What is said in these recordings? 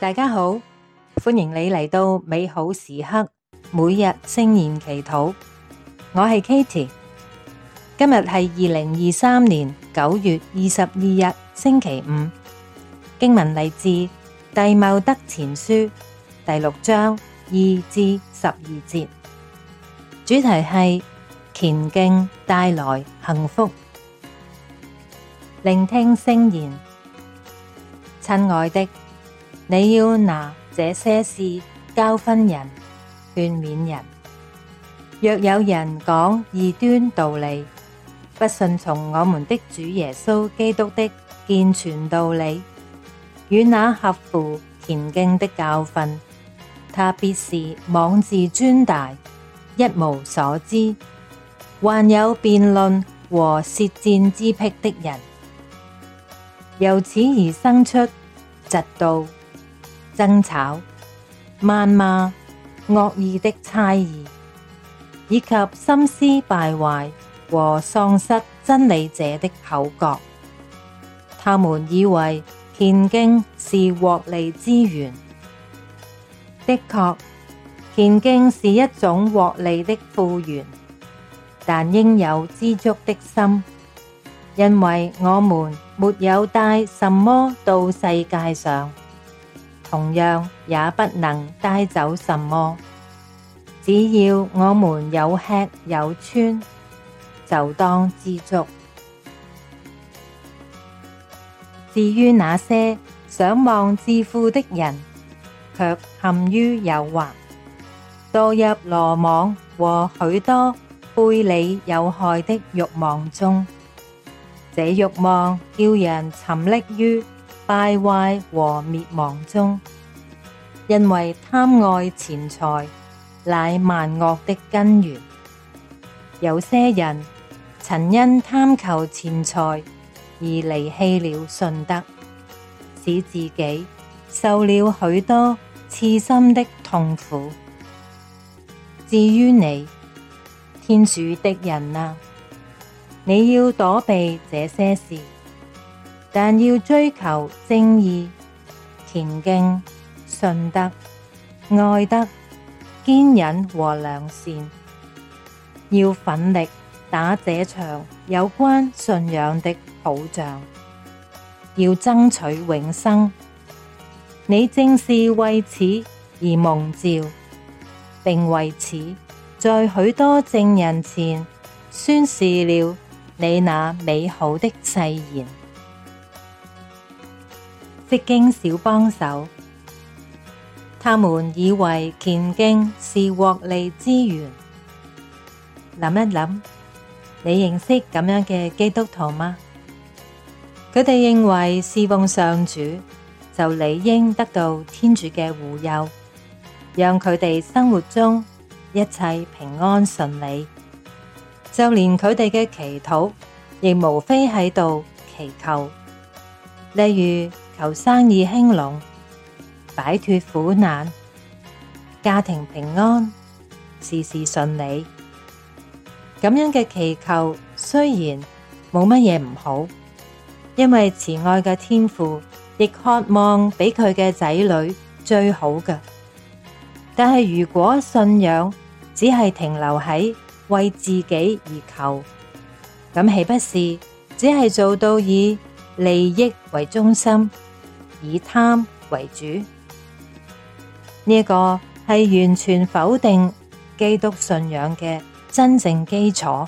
大家好，歡迎你嚟到美好時刻，每日聖言祈禱。我係 Katy，今日係二零二三年九月二十二日星期五。經文嚟自《弟茂德前書》第六章二至十二節，主題係虔敬帶來幸福。聆聽聖言，親愛的。你要拿這些事教訓人、勸勉人。若有人講異端道理，不順從我們的主耶穌基督的健全道理，與那合乎虔敬的教訓，他必是妄自尊大，一無所知，患有辯論和舌戰之癖的人，由此而生出嫉妒。爭吵、謾罵、惡意的猜疑，以及心思敗壞和喪失真理者的口角，他們以為虔敬是獲利之源。的確，虔敬是一種獲利的富源，但應有知足的心，因為我們沒有帶什麼到世界上。同樣也不能帶走什麼，只要我們有吃有穿，就當知足。至於那些想望致富的人，卻陷於誘惑，墮入羅網和許多背理有害的欲望中，這欲望叫人沉溺於敗壞和滅亡中，因為貪愛錢財乃萬惡的根源。有些人曾因貪求錢財而離棄了信德，使自己受了許多刺心的痛苦。至於你，天主的人啊，你要躲避這些事。但要追求正義、虔敬、信德、愛德、堅忍和良善，要奮力打這場有關信仰的好仗，要爭取永生。你正是為此而蒙召，並為此在許多證人前宣示了你那美好的誓言。釋經小幫手，他們以為虔敬是獲利之源。諗一諗，你認識咁樣嘅基督徒嗎？佢哋認為侍奉上主就理應得到天主嘅護佑，讓佢哋生活中一切平安順利。就連佢哋嘅祈禱，亦無非喺度祈求，例如：求生意興隆，擺脫苦難，家庭平安，事事順利。咁樣嘅祈求雖然冇乜嘢唔好，因為慈愛嘅天父亦渴望俾佢嘅仔女最好嘅。但係如果信仰只係停留喺為自己而求，咁豈不是只係做到以利益為中心？以貪為主，呢個係完全否定基督信仰嘅真正基礎，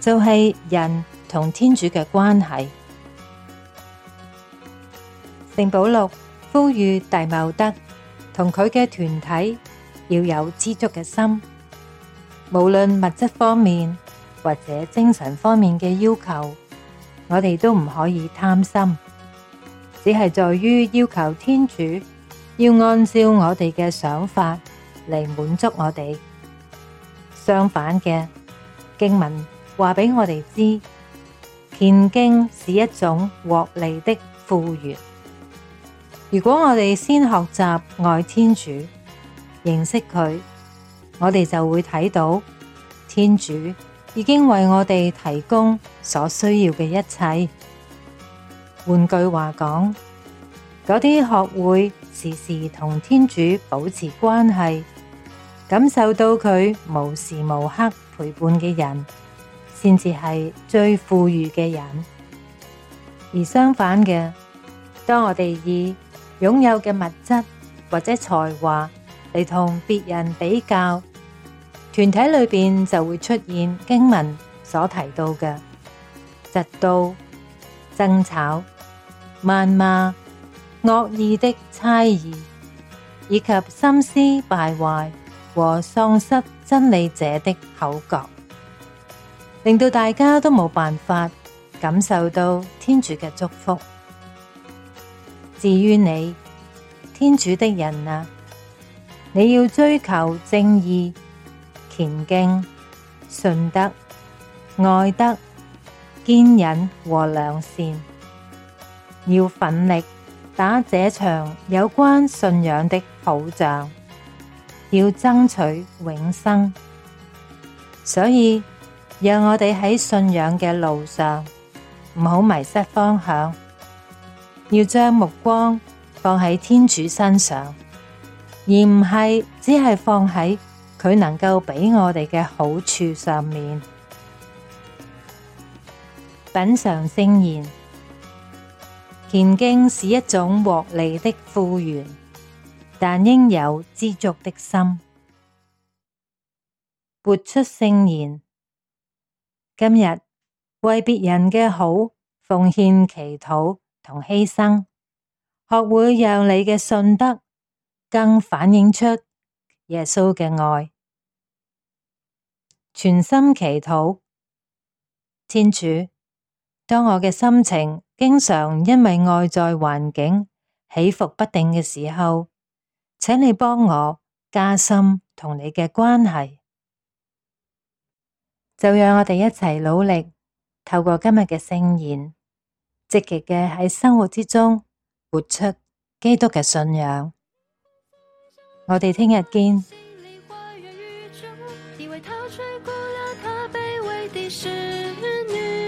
就係人同天主嘅關係。聖保祿呼籲弟茂德同佢嘅團體要有知足嘅心，無論物質方面或者精神方面嘅要求，我哋都唔可以貪心。只係在於要求天主要按照我哋嘅想法嚟滿足我哋。相反嘅，經文話俾我哋知，虔敬是一種獲利的富源。如果我哋先學習愛天主，認識佢，我哋就會睇到天主已經為我哋提供所需要嘅一切。換句話講，嗰啲學會時時同天主保持關係，感受到佢無時無刻陪伴嘅人，先至係最富裕嘅人。而相反嘅，當我哋以擁有嘅物質或者才華嚟同別人比較，團體裏邊就會出現經文所提到嘅，直到。爭吵、謾罵、惡意的猜疑，以及心思敗壞和喪失真理者的口角，令到大家都冇辦法感受到天主嘅祝福。至於你，天主的人啊，你要追求正義、虔敬、信德、愛德。堅忍和良善，要奮力打這場有關信仰的好仗，要爭取永生。所以，讓我哋喺信仰嘅路上唔好迷失方向，要將目光放喺天主身上，而唔係只係放喺佢能夠俾我哋嘅好處上面。品嚐聖言，虔敬是一種獲利的富源，但應有知足的心。活出聖言，今日為別人嘅好奉獻、祈禱同犧牲，學會讓你嘅信德更反映出耶穌嘅愛。全心祈禱，天主。當我嘅心情經常因為外在環境起伏不定嘅時候，請你幫我加深同你嘅關係。就讓我哋一齊努力，透過今日嘅聖言，積極嘅喺生活之中活出基督嘅信仰。我哋聽日見。